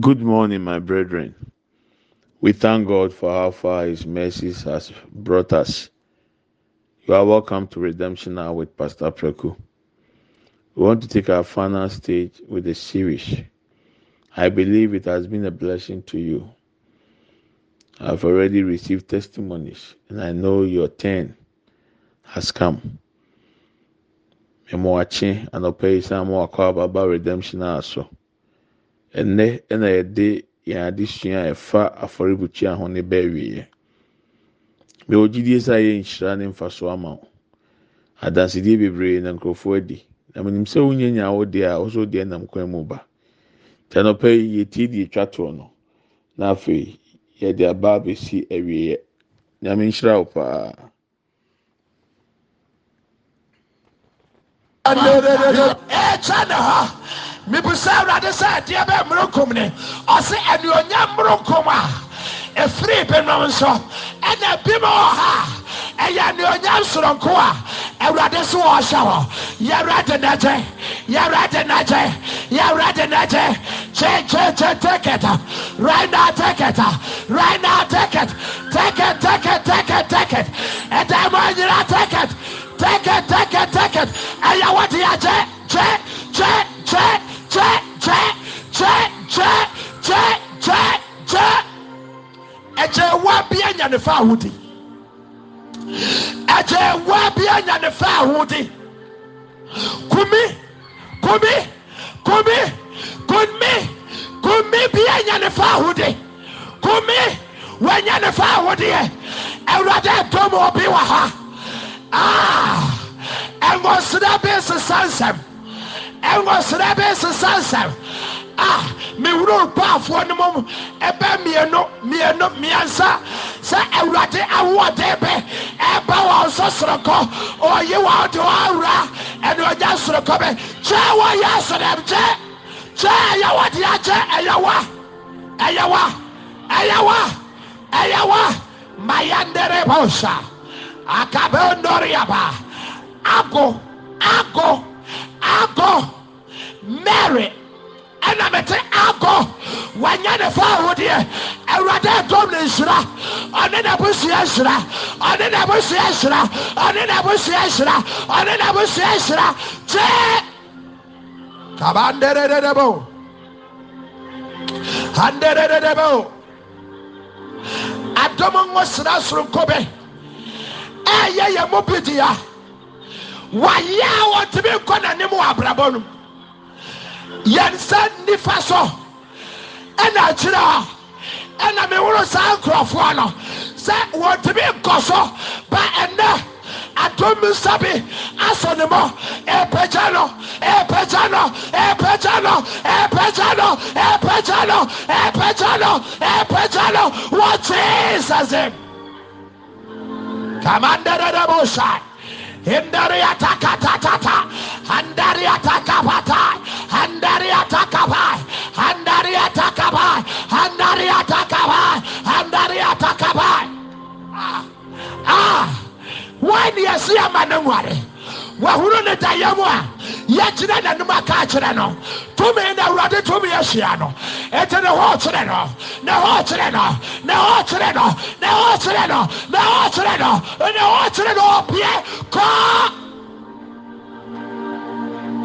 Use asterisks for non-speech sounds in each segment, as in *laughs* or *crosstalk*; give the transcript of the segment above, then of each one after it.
Good morning, my brethren. We thank God for how far His mercies has brought us. You are welcome to Redemption Hour with Pastor Preku. We want to take our final stage with the series. I believe it has been a blessing to you. I've already received testimonies, and I know your turn has come. Memoachi and more about Redemption also. ɛnɛ ɛna yɛde yɛn adesua a ɛfa afɔrebukyia ho ne bɛɛwieɛ mewɔ gyidie sɛ ayɛ nhyira ne mfa so ama wo adansedie bebree na nkurɔfoɔ adi na menim sɛ wonyɛ nya wo deɛ a wo so deɛ nam kwan mu ba nti anɔpa yi yɛtie deɛ ɛtwa toɔ no na afei yɛde aba abɛsi awieɛ nyame nhyira wo paa ɛkyɛ ne mebusɛ awurade sɛ ɛdeɛ bɛ mmoronkom ne ɔ se anuonyam mmoronkom a ɛfiri binom nso ɛna bima ɔ haa ɛyɛ anuonyam soronko a ɛwurade so wɔ hyɛ hɔ yɛwradenagyɛ yɛwrɛdena gyɛ yɛwrɛdena gyɛ kyɛkykyɛ tɛkɛt a raena tɛkɛt a raina tɛkɛt tɛkɛt tɛkɛtɛkɛ tɛkɛt ɛdamɔ anyira tɛkɛt tɛkɛt tɛkɛt tɛkɛt ɛyɛwɔde a gye kɛɛkɛ ɛyɛɛwa bia nyanefaahode ɛgyɛwa biɛ nyanefaahode kmkmm kumi bia nyanefaahode kumi wa nyanefa ahodeɛ ɛwurade domo ɔbi wa haa ɛngɔsena bi sesansɛm nwɔsrɛ bi sesansɛm a mewuro baafoɔ no mu ɛbɛ mmienu mmienu mmiɛnsa sɛ awurade awoɔden bi ɛba wɔn so sorokɔ ɔyi wɔn de wɔn awura ɛna ɔnya sorokɔ bi kyɛ wɔyɛ asrɛm kyɛ kyɛ ɛyɛ wɔdeɛ kyɛ ɛyɛ wa ɛyɛ wa ɛyɛ wa ɛyɛ wa mayandere bɔnsa akabe ndɔre yaba ago ago. aago mɛry ɛnamete ago wa nyɛne faho deɛ ɛwuradɛ ɛdomne nsira ɔnenɛbusɛsira nenɛbuɛsra nbuɛsra neɛbusɛsira te kabɛ andɛɛɛɛbɛo andɛrɛɛdɛbɛo a domi nwo sera soronkobe ɛɛ yɛ yɛ mu bidiya wayɛ a na nkɔ n'anim wɔ abrabɔ no yɛn nsa nifa so ɛna akyerɛ a ɛna meworo saa nkurɔfoɔ no sɛ wɔtumi nkɔ so ba ɛnɛ atomi sabi asɔne mɔ ɛpɛkyɛ no ɛpɛkyɛ no ɛpɛkyɛ no ɛpɛkyɛ no ɛpɛkyɛ no ɛpɛkyɛ no ɛpɛkyɛ no wɔ jesus kama ndɛdɛdɛ bɔ saa. endaria takatatata andaria takapatai andaria takapai andaria takapai andaria takapai andaria takapai ah, ah. when yɛsi ama ne nware wahunu ne dayɛ yɛgyina n'anim aka akyerɛ no tumi na awurade tumi ahyia no ɛti ne hɔ kyerɛ no ne hɔ kyerɛ no ne hɔ kyerɛ no ne hɔ kyerɛ no ne hɔ kyerɛ no ne hɔ kyerɛ no ɔpeɛ kɔɔ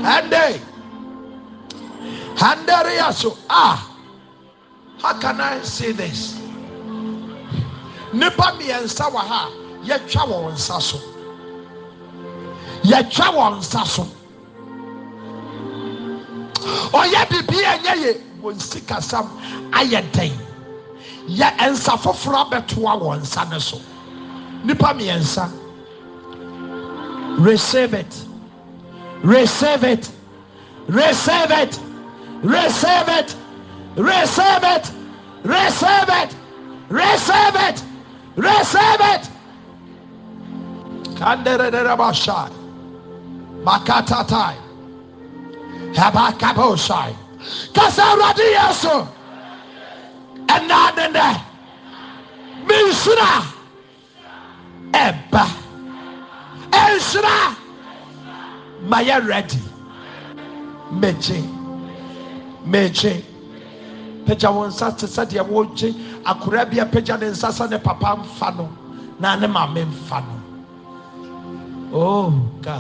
hande handaria so ah how can i say this nipa mmiɛnsa wɔ ha yɛtwa wɔn nsa so yɛtwa wɔn nsa so. ɔyɛ biribia nyɛ yɛ wɔ nsikasam ayɛntɛni yɛ nsa foforɔ abɛtoa wɔn nsa ne so nnipa miɛnsa receveit recvet ka dɛrɛdɛrɛ masya maka tatae hɛabaaka bɛosae ka sɛ awurade yesu ɛnaa nenɛ minsuna ɛba ɛnsina ma yɛ erɛdi megyen megyen pagya wo nsa te sɛdeɛ ɛwɔgye akora bia pagya ne nsa sɛ ne papa mfa no na ne ma memfa no o oh, ga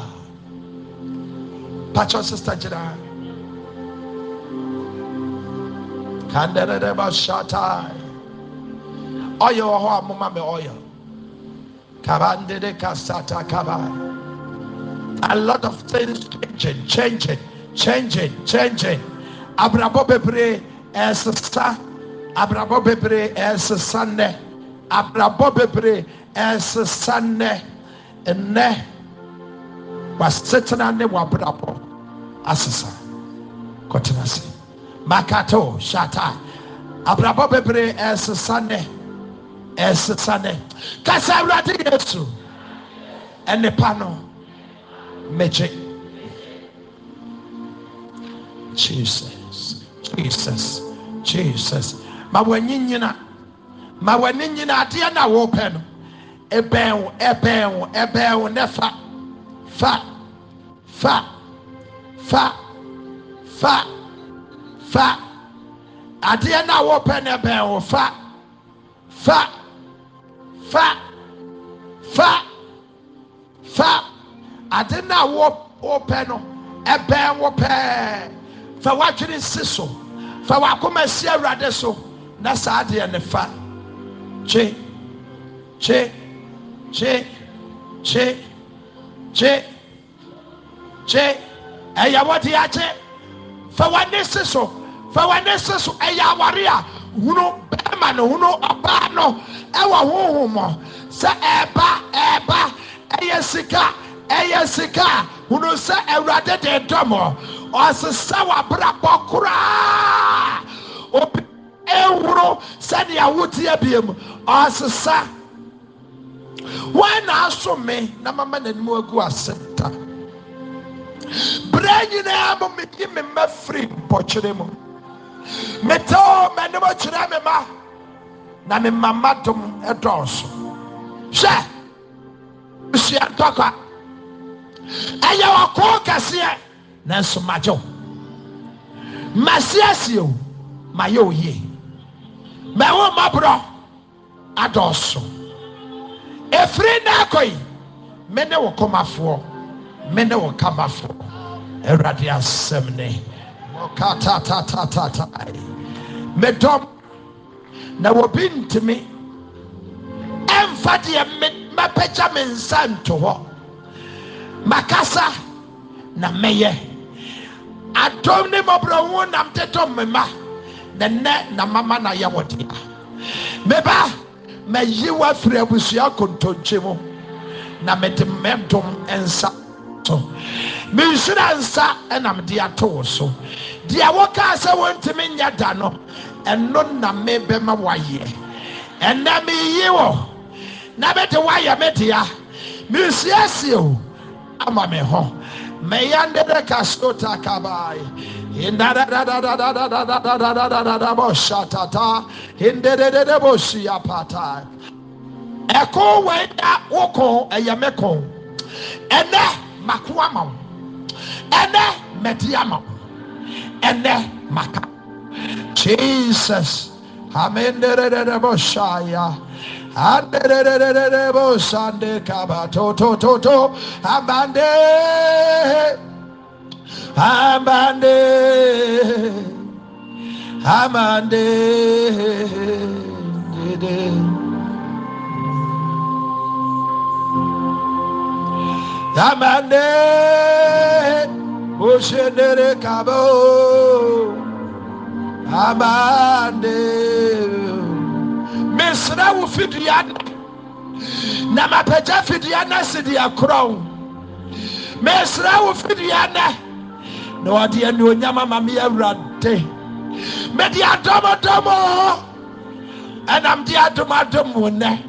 pakyɛ sista gyinaa Kanderebashatai. Oyo oh, ho amoma me oyo. Kabandede kasata kaba. A lot of things changing, changing, changing, changing. Abrabo bebre esesa. Abrabo bebre esesa ne. Abrabo bebre esesa ne. Ene. Wasetena ne wabrabo. Asesa. Kotena se. makato hhataa abrabɔ bebree ɛɛsesanɛ ɛɛsesanɛ kasɛ awurade yesu ɛnepa no mɛgye jess jss jesus ma wanyinyina ma w'ane nyina adeɛ na woe pɛ no ɛbɛwo ɛbɛwo ɛbɛwo nɛ fa fa fa fa fa fa adeɛ no a wɔpɛ no bɛn wo fa fa fa fa fa ade no a wɔpɛ no ɛbɛn wo pɛɛ fa woadwene si so fa wakoma si awurade so na saa adeɛ ne fa kye kye kye kye kye kye ɛyɛ wɔde akye fa w'ani si so fa w'ani si so ɛyɛ awari a hunu bɛrima ne hunu ɔbaa no ɛwɔ huhumɔ sɛ ɛɛba ɛɛba ɛyɛ sika ɛyɛ sika hunu sɛ ɛwurade de dɔmɔ ɔsesa w'abrabɔ koraa obi ehuru sɛdeɛ wotia bie mu ɔsesa wɔn na aso mi na mama n'anim agu asɛm ta bere nyinaa mo mi yi mi mma firi mpɔkyerɛ mu. metɛw m'anim akyerɛ me ma na me mama dom dɔɔso hwɛ sua ntɔkwa ɛyɛ ɔkoo kɛseɛ nanso magyew masiesie ma mayɛ o yie mɛwo mɔborɔ adɔɔso efiri na akɔ yi me ne wo komafoɔ me ne wo kamafoɔ awurade asɛm ne kat medɔm na wobi ntemi ɛmfa deɛ mɛpɛgya me nsa nto hɔ makasa na mɛyɛ adɔm ne mɔborɔ wu nam tetɔ me ma na nnɛ na mama na yɛ wɔdea meba mɛyew'afiri abusua kontɔnkyemu na mede mɛdom nsa so mensuro nsa ɛnam de ɛtoo so deɛ wɔkaa sɛ wontimi nyɛ da no ɛno na me bɛma wayɛ ɛnɛ meyi wɔ na bɛde woayɛ me dea minsiasieo ama me hɔ mɛyɛ ndedɛ kaso takabae henna dadaa bɔhyɛtataa hendɛdededɛ bɔhiapata ɛko wɔɛya wo ko ɛyɛ me kon ɛnɛ m'akoa ma wo ɛnɛ madea ma wo ɛnɛ maka jesus amenderededeboshaya anderededebosande amande, abande abande amande Amande. wohyɛ nerekabɛo amande meserɛ wo fidua nɛ na mapɛgya fidua nɛ se deɛ korɔn meserɛ wo fiduanɛ na ɔdeɛ ne onyam amame yɛ wura de mede adɔmɔdɔmo ɛnam de adomadom mo nɛ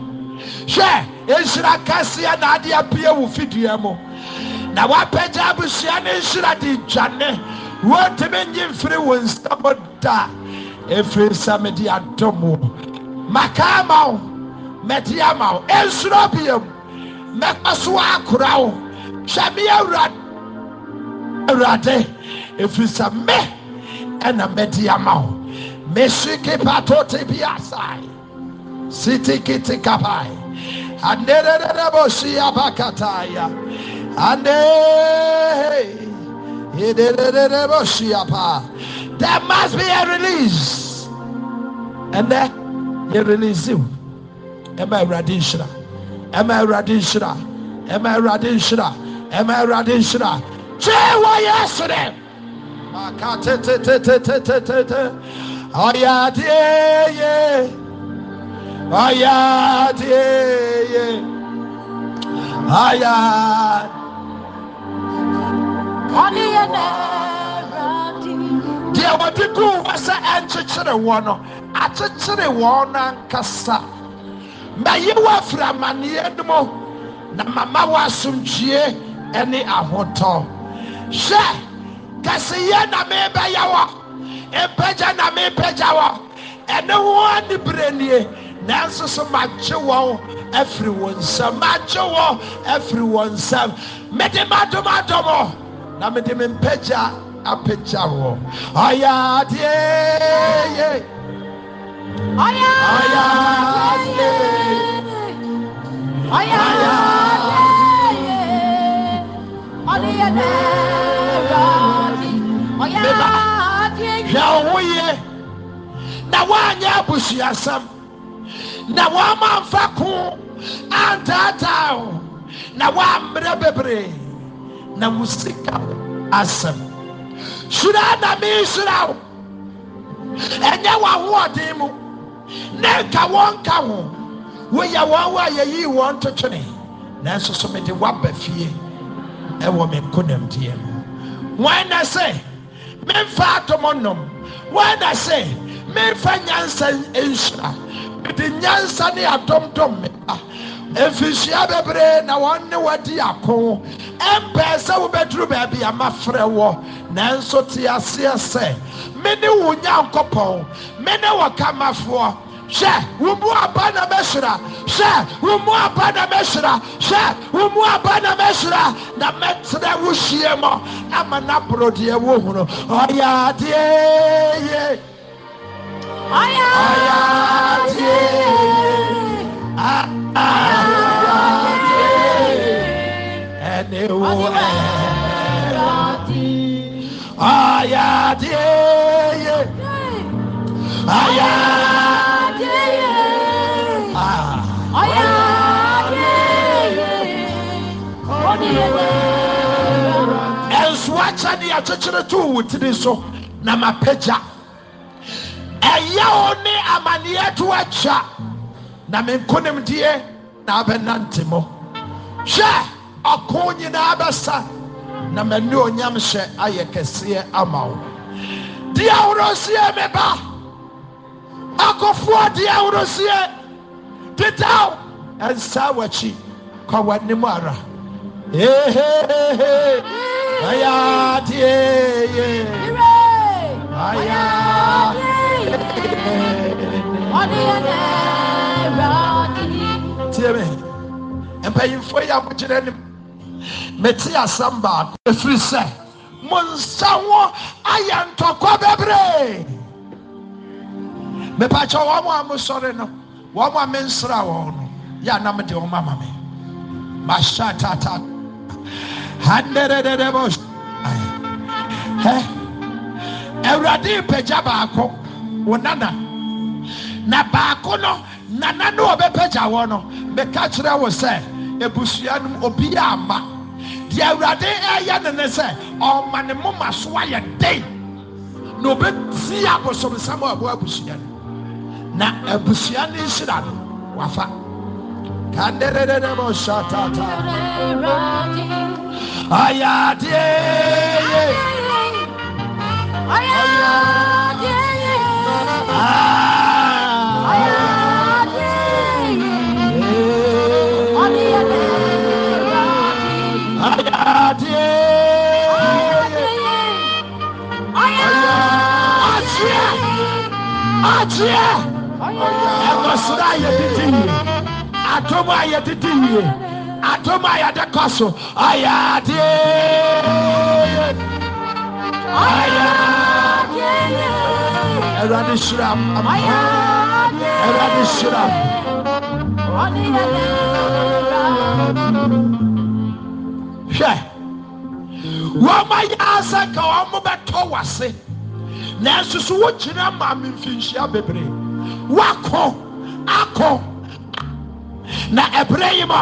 hwɛ nhyira kaseɛ naade apee wo fidua mo na waapɛgya busua ne nsura de gya ne wotemi nyi mfire wo nsamo da efirisɛ medeadomo makaama wo mɛdeama wo ɛnsurobiam mɛkpɔsow akora wo twɛ meyɛwuraawurade efrisɛ me ɛna mɛdeama wo mesokepa tote biasae sitikitekabae anerererɛboso yabakataaya Ande. There must be a release. And then you release him. Emma Radishra. Emma Radishra. Emma Radishra. Emma Radishra. Say what yesterday. Ayadeye. Ayadeye. Ayadeye. deɛ wɔde guu hɔ sɛ ɛnkyekyere wɔ no akyekyere wɔn no ankasa mayi wɔ afiri amanneɛ no mu na mama wɔ asomdwie ne ahotɔ hwɛ kɛseyɛ na merebɛyɛ wɔ mpagya na merebɛgya wɔ ɛne ho anibere nie nanso so magye wɔn afiri wɔn nsam magye wɔn afiri wɔn nsam mede madomadɔmɔ na mede me mpɛ gya apegya wɔ ɔyadɛwo ho yɛ na wɔanyɛ abosuasɛm na wɔama mfa ko antaataa o na wɔammrɛ bebree na mu sika asɛm hyira na meehyira wo ɛnyɛ w'ahoɔden mu na nka wɔn ka ho woyɛ wɔn wo a yɛyii wɔn totwene nanso so mede woaba fie ɛwɔ me nkonamdeɛ mu wɔn na sɛ memfa atom nom wɔn na sɛ memfa nyansa nhyira mede nyansa ne adomdom me ba mfihyia bebree na wɔn ne wɔdi ako mpɛɛ sɛ wobɛduru baabi ama frɛ wɔ nanso te aseɛ sɛ me ne wo nyankopɔn me ne wɔ kamafoɔ hwɛ wo aba na mɛhyira hwɛ wo mu aba na mɛhyira hwɛ wo mu aba na mɛhyira na mɛtrɛ wo hyie mɔ ama na borodeɛ wo hunu ɔyɛ adeɛ ye ɔyɛ adeɛ ye ɛnsoa kyɛ ne ɛkyekyere too wo tiri so na mapɛgya ɛyɛw ne amaneɛtoatya na menkonemdiɛ na abɛnante mo hwɛ ɔko nyinaa bɛsa na m'ane onyam hwɛ ayɛ kɛseɛ ama wo deɛ ahorosie me ba akofoɔ deɛ ahorosie dedaw ɛnsaa wakyi kɔwɔ anne m ara d tie me mpanyinfoɔ yi a mogyina anim mete asɛm baako ɛfiri sɛ mo nsa ho ayɛ ntɔkwa bebree mepakyɛ wɔn a mosɔre no wɔn a mensra wɔn no yɛ anam de wɔn ama me mahyɛ atata handɛdɛdɛdɛ bɔ ɛ awurade mpagya baako wɔ nana na baako no. nana no ɔbɛpagya wɔ no meka kyerɛ wo sɛ ebusua no obi yɛ ama deɛ awurade ɛyɛ ne ne sɛ ɔma ne moma so ayɛ den na obɛti abosomsɛm a ɛbɔ abusua no na abusua no nhyira no wafa kanderere mo shatatata aɛɛkɔsoda ayɛde atom ayɛdediye atom ayadekɔsʋ ayaɛ wɔmɔ yaasɛ kɛ wɔmʋbɛtɔ wase nanso so wogyina maame mfinhyia bebree wakɔ akɔ na ɛberɛ yi mɔ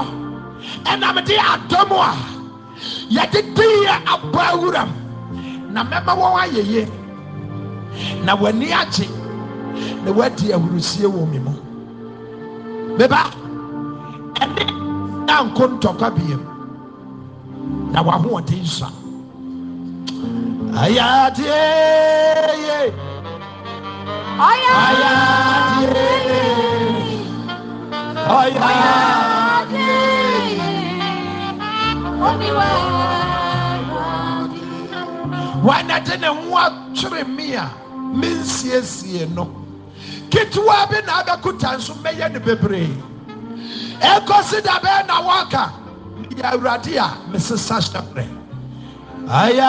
ɛnam de adɔm a yɛde diiɛ abɔ awuram na mɛma wɔn ayɛ yie na w'ani agye na wadi ahurusie wɔ mi mu beba ɛne nanko ntɔkwa biem na w'ahoɔden sa. hayati yeye hayati yeye hayati wanagye ne ho atwere me a mensiesie no ketewa bi na abɛkuta nso mɛyɛ ne bebree ɛkɔsi da bɛɛ na wɔka yɛ awurade a mesesa hyɛ brɛ 呀呀呀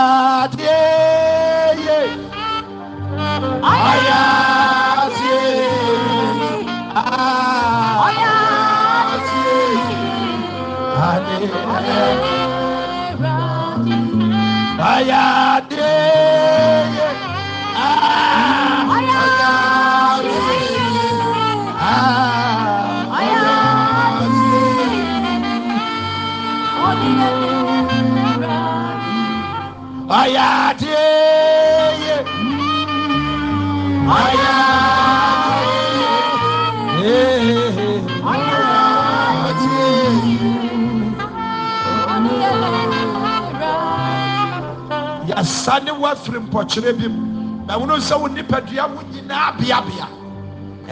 yɛasane woafiri mpɔkyerɛ bi m nawono sɛ wo nipadua ho nyinaa beabea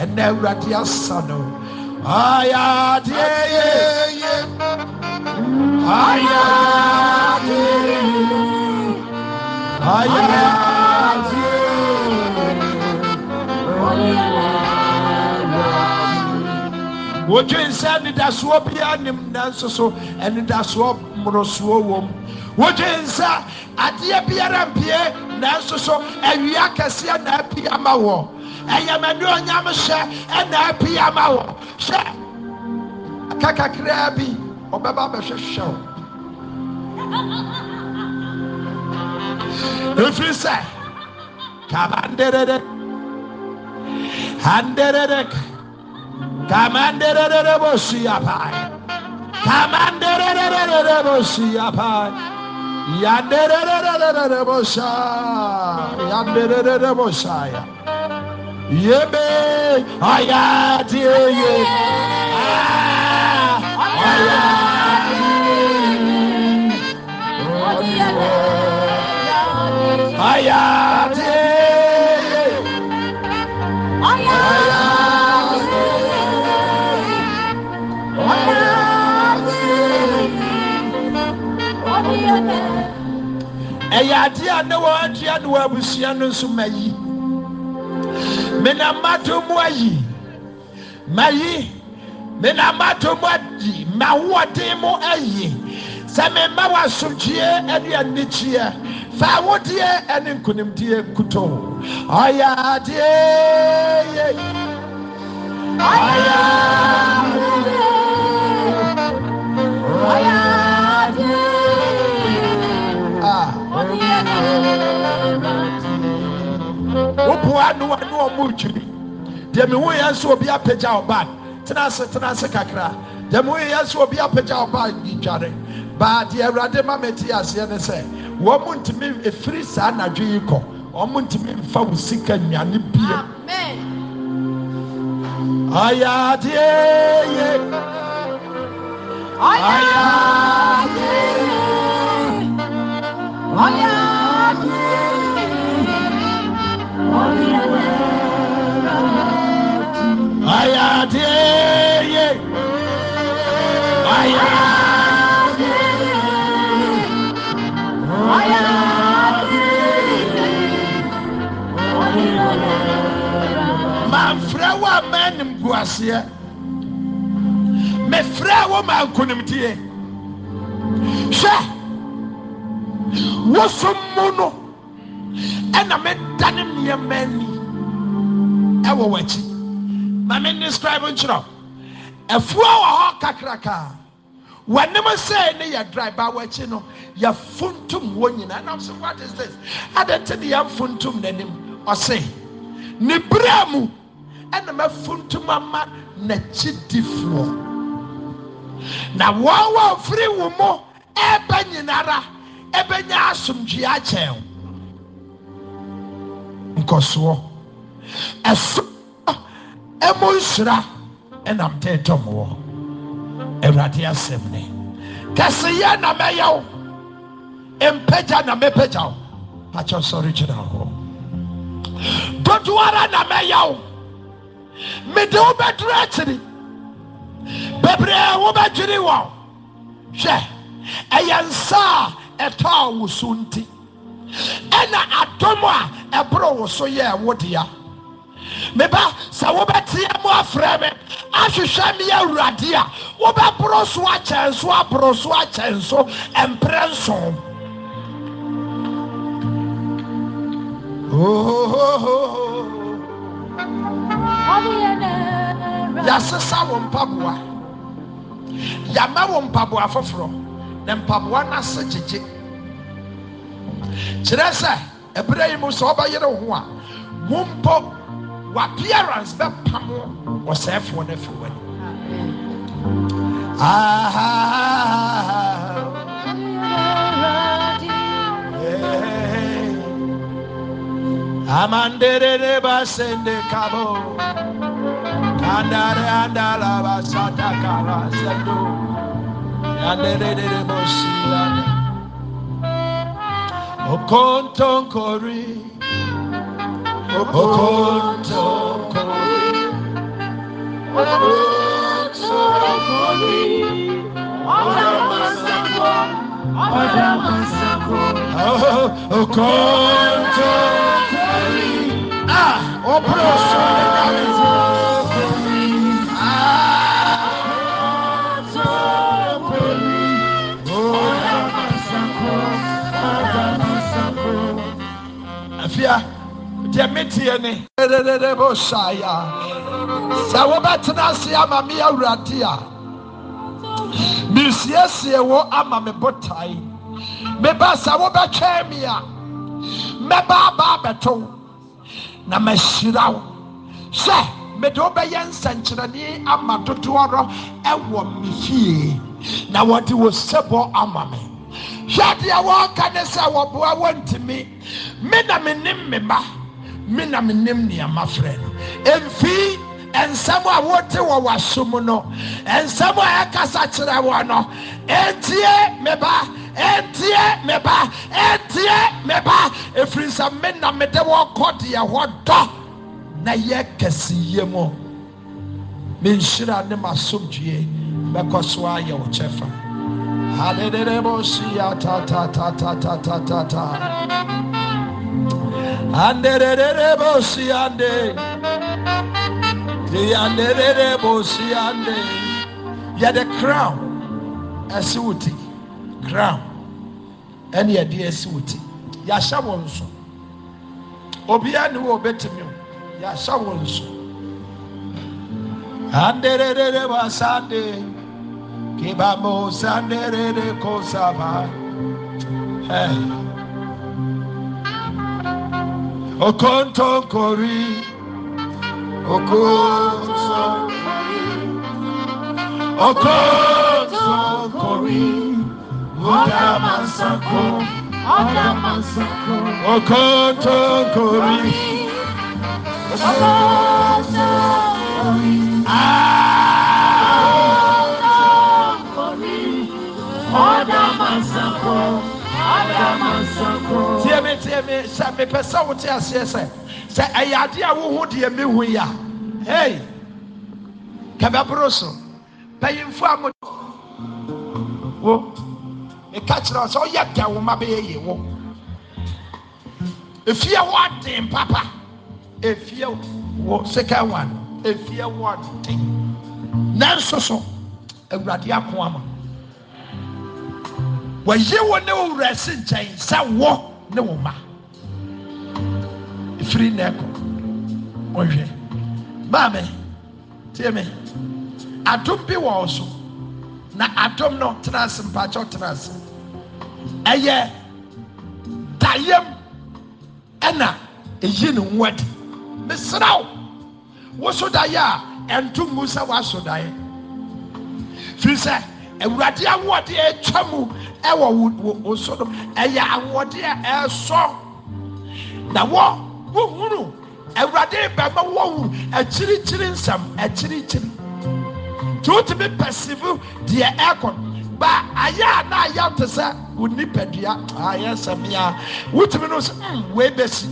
ɛnna awurade asa no wotwe nsa anidasoɔ biara nim nanso so anidasoɔ mmorosoɔ wɔ mu wotwe nsa adeɛ biara mpie nanso so awia kɛseɛ na apie ama wɔ ɛyɛmɛne onyam hyɛ ɛna apie ama wɔ hyɛ kakakraa bi ɔbɛba bɛhwɛhwɛ wo ɛfiri sɛ kabanderere handerere kamanderere bɔ suya paa kamanderere bɔ suya paa yanderere bɔ saa yanderere bɔ saa ya yebe ɔya tie ye ɔya. ɛyaate a na wɔn atua na wɔn abusua no nso ma yi menamatom ayi ma yi menamatom ayi maahoɔten mo ayi sɛ memma w'asokyie aduanni kyia faa wodeɛ ɛne nkonimdeɛ nkutoo ɔyadeɛye ah. wopo anoaneɔmɔ twiri deɛ mehueyɛ so obi apagya ɔba tenanse tenanse kakra deɛ mewueyɛ nso obi apagya ɔba yitware Baadị deɛ awurade ma mɛti aseɛ ne sɛ wɔn mu ntumi efiri saa anadwo yi kɔ wɔn mu ntumi nfa wo sika nnuane bie ayadeɛ ye ayadeɛ ayadeɛ ayadeɛ ye seɛmefrɛɛ wɔ ma nkonimdiɛ hwɛ wɔsom mu no ɛna meda ne nneɛmanni wɔ w'akyi ma menne scribe nkyerɛ afuo wɔ hɔ kakrakaa w'anom sɛi ne yɛ driba w'akyi no yɛfontum wɔ nyinaa nam so what is this adɛ nte de yɛ fontom n'anim ɔse ne berɛa mu ɛnamfuntum ama nakyidifoɔ na wɔawɔ firi wo mo ɛɛbɛ nyina ara ɛbɛnya asomdwoa akyɛɛ nkɔsoɔ ɛsoɔ ɛmɔ nsura ɛnam dɛ dɔmowɔ awurade asɛm ne kɛsɛ yɛ na mɛyɔw mpagya na mɛpagyawo pakyɛ sɔre gyera hɔ dodoara na mɛyɔw mede wobɛdoro akyiri bebree wobɛdwiri wɔn hwɛ ɛyɛ nsa a ɛtɔɔ wo so nti ɛna adɔm a ɛboro wo yɛ wo meba sɛ wobɛteɛ mu afrɛ me ahwehwɛ me yɛ awurade a wobɛboro so akyɛn so aboro so akyɛn so mprɛ nson oh, oh, oh, oh yɛasesa wɔ mpaboa yɛama wɔ mpaboa foforɔ na mpaboa no ase gyegye kyerɛ sɛ ɛberɛ yi mu sɛ wobɛyere wo ho a wa mpo w'appearance bɛpam ɔsɛefoɔ no afiri w'ani ah, ah, ah, Amanderere basende kabo. Andare andala basata karasendo. Anderere bosilane. Okonton kori. Okonton kori. Okonton kori. Okonton kori. Okonton kori. Okonton kori. afia tɛ metie ne reere bo saea sɛ wobɛtena aseɛ ama me ɛwurade a misiesie wo ama me botae meba sɛ wobɛtwɛɛ me a mɛbaabaa bɛtow na mahyira wo hwɛ mede wobɛyɛ nsɛnkyerɛnne ama dodoɔ no ɛwɔ me fie na wɔde wɔ sɛbɔ ama me hwɛ deɛ wɔka ne sɛ wɔboa wɔntimi me na menim me ma mi na menim nneɛma frɛ no ɛmfii nsɛm a wote wɔ w'asom no nsɛm a ɛkasa kyerɛ wɔ no ɛntie me ba ɛteɛ me ba ɛteɛ me ba ɛfiri sɛ me na mede wɔkɔ deɛ hɔ dɔ na yɛ kɛseyie mu menhyira ne masomdwie bɛkɔ so ayɛ wo kyɛfa ande, tatatatatatatatata andererebosiande yandererebosiande ande. Ya the crown, ti Ground ɛne yɛde asi wɔ ti yɛahyɛ wɔn so obiara ne wɔ obɛtumi yɛahyɛ wɔn so anderere wa sande kibamo sanderere ko saba hey. okontonkori okontonkori okontonkori. Ola masako, ola masako, okoto kori, okoto kori, ola masako, ola masako. Tie me, tie me, sɛ mepɛ sɛ wote aseɛ sɛ sɛ ɛyɛ adeɛ a wohu deɛ mehu yi a, hei, kɛbɛboro so, pɛyimfo a mo meka kyerɛ sɛ ɔyɛ da wo ma bɛyɛ yie wo efie wo aden papa efie wo second one efie wo aden nanso so awurade ako ama wɔyi When ne wo wura si nkyɛn sɛ wo ne wo ma efiri na ɛkɔ ɔhwɛ maame tie me adum bi wɔ na adom no tena ase mpakyɛ tena ase ɛyɛ dayɛm ɛna ɛyi ne ho adi mesra wo woso daeɛ a ɛnto ngu sɛ woaso daeɛ firi sɛ awurade awoɔdeɛ atwa mu ɛwɔ wo so no ɛyɛ awoɔdeɛ ɛɛsɔ na wɔ wohunu awurade bɛma wɔwu akyirikyiri nsɛm akyirikyiri nti wotumi pɛsivu deɛ ɛkɔ ba ayɛ na ayɛ te sɛ wo nipadua ayɛ ah, nsɛm ya wotumi ah. no sɛ mm wei bɛsi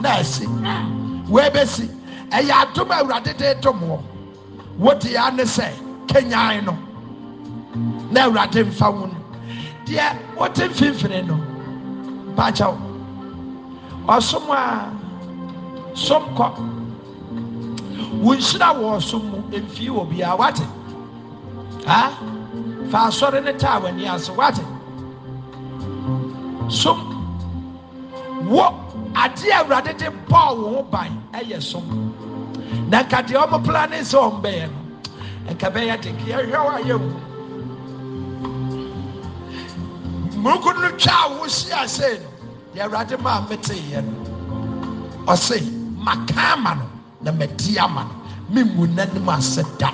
na ɛsi hmm, wei bɛsi ɛyɛ adum awurade de dum wɔ wote ya ne sɛ kenyan no na awurade mfa wo no deɛ wote mfimfini no baakyɛw ɔsom a som kɔ wunhyira wɔ so mu mfii wɔ biara wate ha fa asɔre ne taa w'ani ase wate som wɔ adeɛ awurade de bɔɔ wo ban ɛyɛ som na nka deɛ ɔmo plane sɛ ɔmo bɛyɛ no nka bɛyɛ de ke ɛhwɛ wɔ ayɛ mu muruku no twa a wohyia sei no deɛ awurade maa meteeɛ no ɔse makaama no namɛdea ma no menmu na nom ase da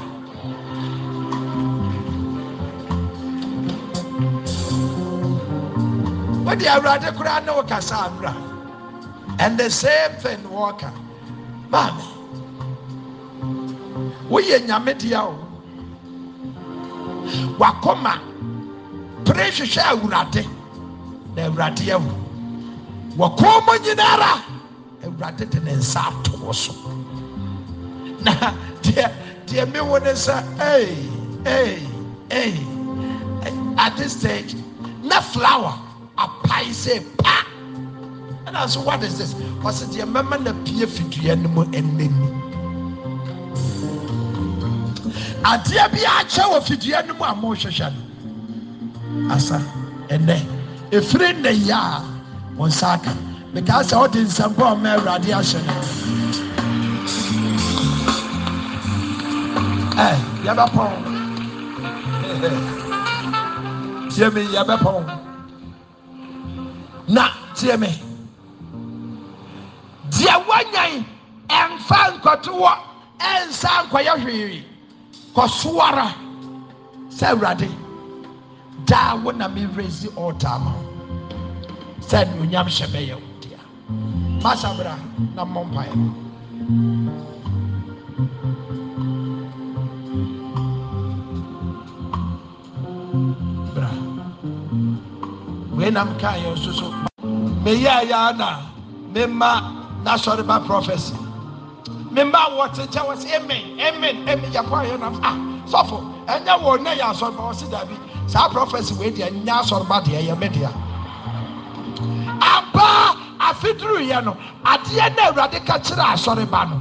wode awurade koraa ne wokasa awura an the sam pen wolka maame woyɛ nyamedeɛ o wakɔma pere nhwehwɛ awurade na awurade ahu wɔkɔmmɔ nyina ara awurade de ne nsa ato so na deɛ deɛ me wo ne sɛ ɛy ɛy ɛy at this stage na flower apae sɛ pa ɛna so what is this ɔsɛ deɛ mɛma na pie fidua no mu ɛnɛ ni adeɛ bi akyɛ wɔ fidua no mu a mohwehwɛ no asa ɛnɛ ɛfiri nnɛ yi a wɔn nsa aka mekaa sɛ wode nsɛmpa ɔma awurade ahyɛ no yɛbɛpɔn nt m yɛbɛpɔnh na ntiɛ me deɛ woanyɛn ɛmfa nkɔte wɔ ɛnsa nkɔyɛ hweere kɔsowara sɛ awurade daa wo na mewerɛzi oltaama wo sɛ ne onyam hyɛ bɛyɛ wo dea masa berɛ na mmɔ mpae wei nam kaa yɛn nso so meyi a yɛ ana mema n'asɔreba prɔfɛsi mema wɔte kyɛ wɔsi amen amen amen ah kɔ a yɛ nam a sɔfo ɛnyɛ wɔn na yɛ asɔreba wɔsi dabi saa prɔfɛsi wei deɛ nyɛ asɔreba deɛ yɛ me deɛ aba afiduru yɛ no adeɛ na awurade ka kyerɛ asɔreba no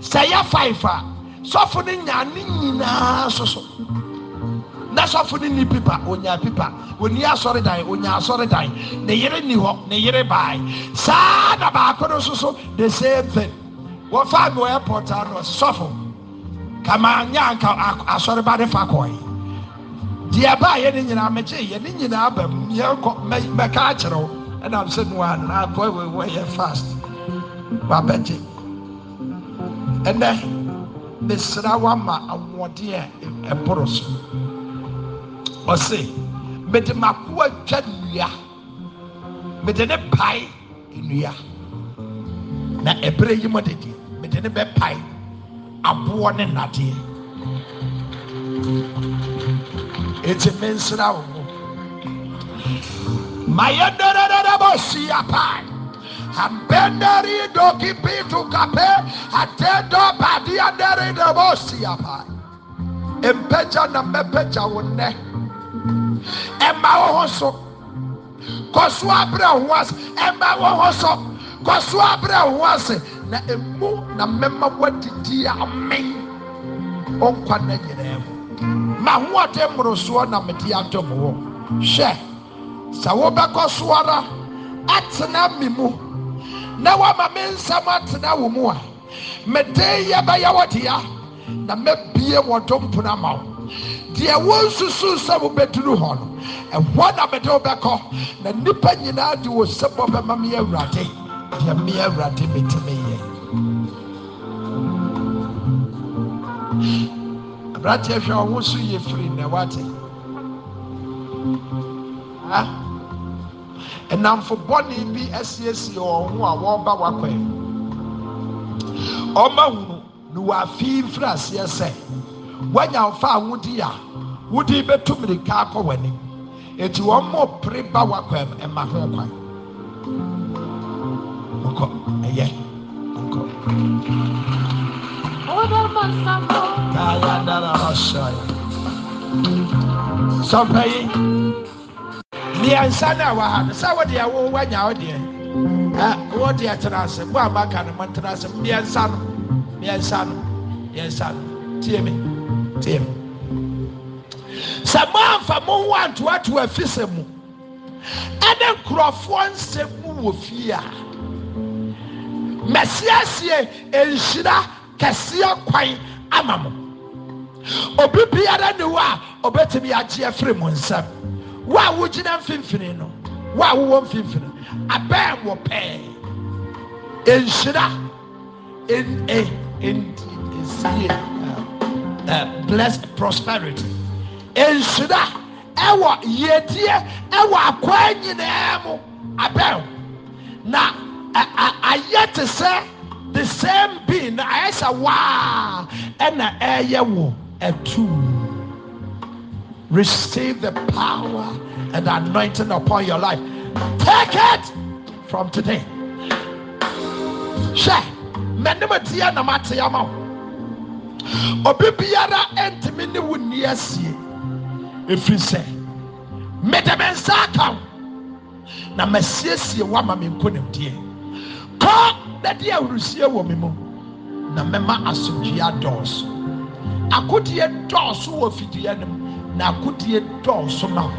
sɛ yɛ faifa sɔfo ne nyaa ne nyinaa soso n'asɔfo ne ni pipa onya pipa oni asɔredan onya asɔredan ne yere ni hɔ ne yere baae saa na baako no soso the same thing wɔfa mi wɔ airport ano sɔfo kama nye anka asɔreba de fa kɔɛ deɛ baa yɛ ne nyinaa mɛkye yɛ ne nyinaa bɛ mu yɛ kɔ mɛ mɛ kaa kyerɛw ɛna sɛ nua na akɔ wɔ wɔ yɛ fast wa bɛgye ɛnɛ mesra wama ahoɔden a ɛboro so. ɔse mede mapoa tywa nnua mede ne pae nnua na ɛberɛ yimɔdadeɛ mede ne bɛ pae aboɔ ne nnadeɛ eti mensera wo mo mayɛ nɛrɛrɛra boosiapae ambɛnɛre dokipi to kape adɛdɔ badeanɛredabɔosia pae mpe gya na mɛpɛ gya wo nnɛ ɛma wo ho so kɔso abrɛ ho ase ɛma wo ho so kɔso abrɛ ho ase na emu na mɛma wadidi amen ɔnkwa na nyinaa mu ma ho ɔde mmorosoɔ na mede adom wɔ hwɛ sɛ wobɛkɔ so ara atena me mu na wama me nsɛm atena wo mu a mede yɛ bɛyɛ wɔ dea na mɛbie wɔ dompona ma wo deɛ wɔnsusu sɛ wobɛduru hɔ no ɛhɔ na mede wobɛkɔ na nipa nyinaa de wɔ sɛ bɔ bɛma me awurade deɛ me awurade metumi yɛ aberanteɛ hwɛ ɔho so yɛ firi na wate ɛnamfo bɔne bi asiesie wɔn ho a wɔreba wakɔɛ ɔma hunu na wɔafi mfiri aseɛ sɛ wanya ɔfa a wodi a wodi bɛtu mirika akɔ w'anim eti wɔn mo pere ba wakɔ ɛma ho kwan nkɔ ɛyɛ nkɔ. sɔpɛ yi mmiɛnsa na wɔ ha no sɛ wɔde ɛwo wanya ɔdeɛ ɛ wɔde ɛtena ase mo a maka no mo ntena ase mmiɛnsa no mmiɛnsa no mmiɛnsa no tie mi teɛ sɛ moamfa mo ho antoatoa afi sɛ mu ɛne nkurɔfoɔ nsɛm mu wɔ fie a mɛsiesie nhyira kɛseɛ kwan ama mo obi biara ne wo a ɔbɛtumi agye afiri mo nsam wo a wogyina mfimfini no wo a wowɔ mfimfini abɛn wɔ pɛɛ nhyira nsie. blessed prosperity nsira ɛwɔ yɛtie ɛwɔ akwaa nyinaa mu Now I ayɛ te say the same being I say wah waa ɛna ɛyɛ wɔ ɛtu receive the power and anointing upon your life take it from today Share. mɛ ne ma na ma te obi biara ntumi ne wo nni asie ɛfiri sɛ mede me nsa aka wo na masiesie woama me nkonimdeɛ kɔ na de awurusie wɔ me mu na mɛma asomdwie adɔɔso akodeɛ dɔɔso wɔ fidua no mu na akodeɛ dɔɔso ma wo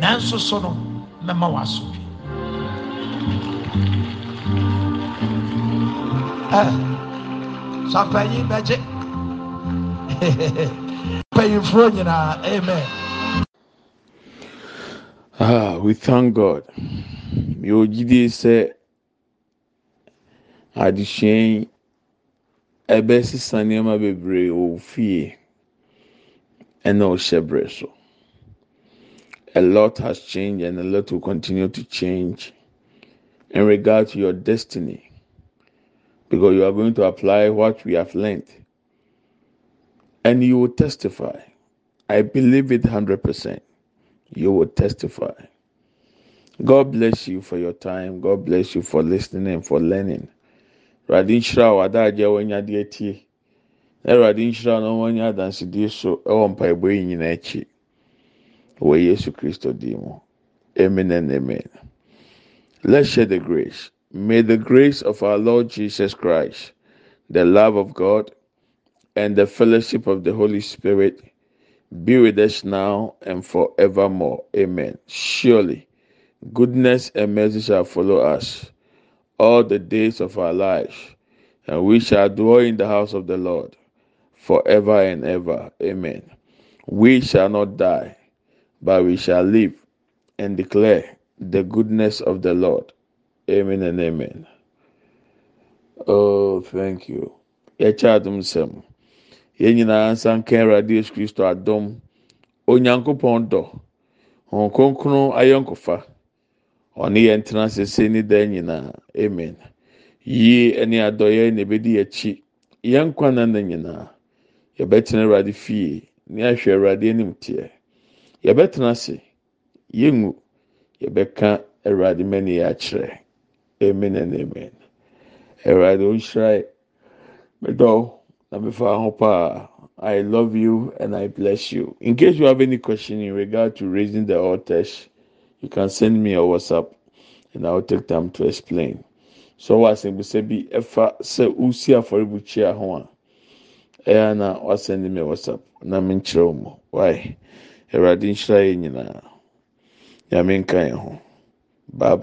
nanso so no mɛma wo asomdwie eh, sɔpanyin bɛgye *laughs* amen. Ah, we thank God. Yóò jíde sẹ́ adesua ɛbɛ sisa nneɛma bebree wɔ fie And no brɛ so. A lot has changed and a lot will continue to change in regard to your destiny because you are going to apply what we have learned and you will testify. I believe it 100%. You will testify. God bless you for your time. God bless you for listening and for learning. Radin Shra wada agye wanya de atie. Na Radin Shra no wanya adansidie so ɛwɔ mpaebɔ yi nyinaa akyi. Wɔ Yesu Kristo din mu. Amen and amen. Let's share the grace. May the grace of our Lord Jesus Christ, the love of God, and the fellowship of the Holy Spirit be with us now and forevermore. Amen. Surely, goodness and mercy shall follow us all the days of our life, and we shall dwell in the house of the Lord forever and ever. Amen. We shall not die, but we shall live and declare the goodness of the Lord. Amen and amen. Oh, thank you. Echadum adum yɛn nyinaa nsa nka awurade yesu kristo adom onyankopɔn dɔ hɔn kronkron ayɔnkofa ɔne yɛn tena sese ne dan nyinaa amen yie ne na ebedi akyi yɛn nkwa na na nyinaa yɛbɛtena awurade fie ne ahwɛ awurade anim teɛ yɛbɛtena ase yɛngu yɛbɛka awurade mɛni amen and amen mefaaho paa i love you and i bless you incase yohave any question in regard to raising the ll tas you can sendmeawhatsapp antak time to explains wɔasesa bifasɛ wosi afɔre bo kyia ho aɛɛ na wasnde mi awhatsappna mekyerɛ murae nhyirɛɛ nyinaaamenkaɛ hobb